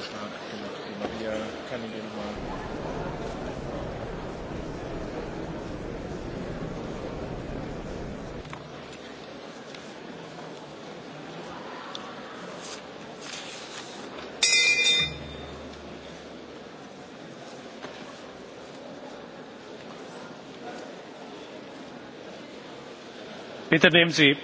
Vorschlag gemacht, die Maria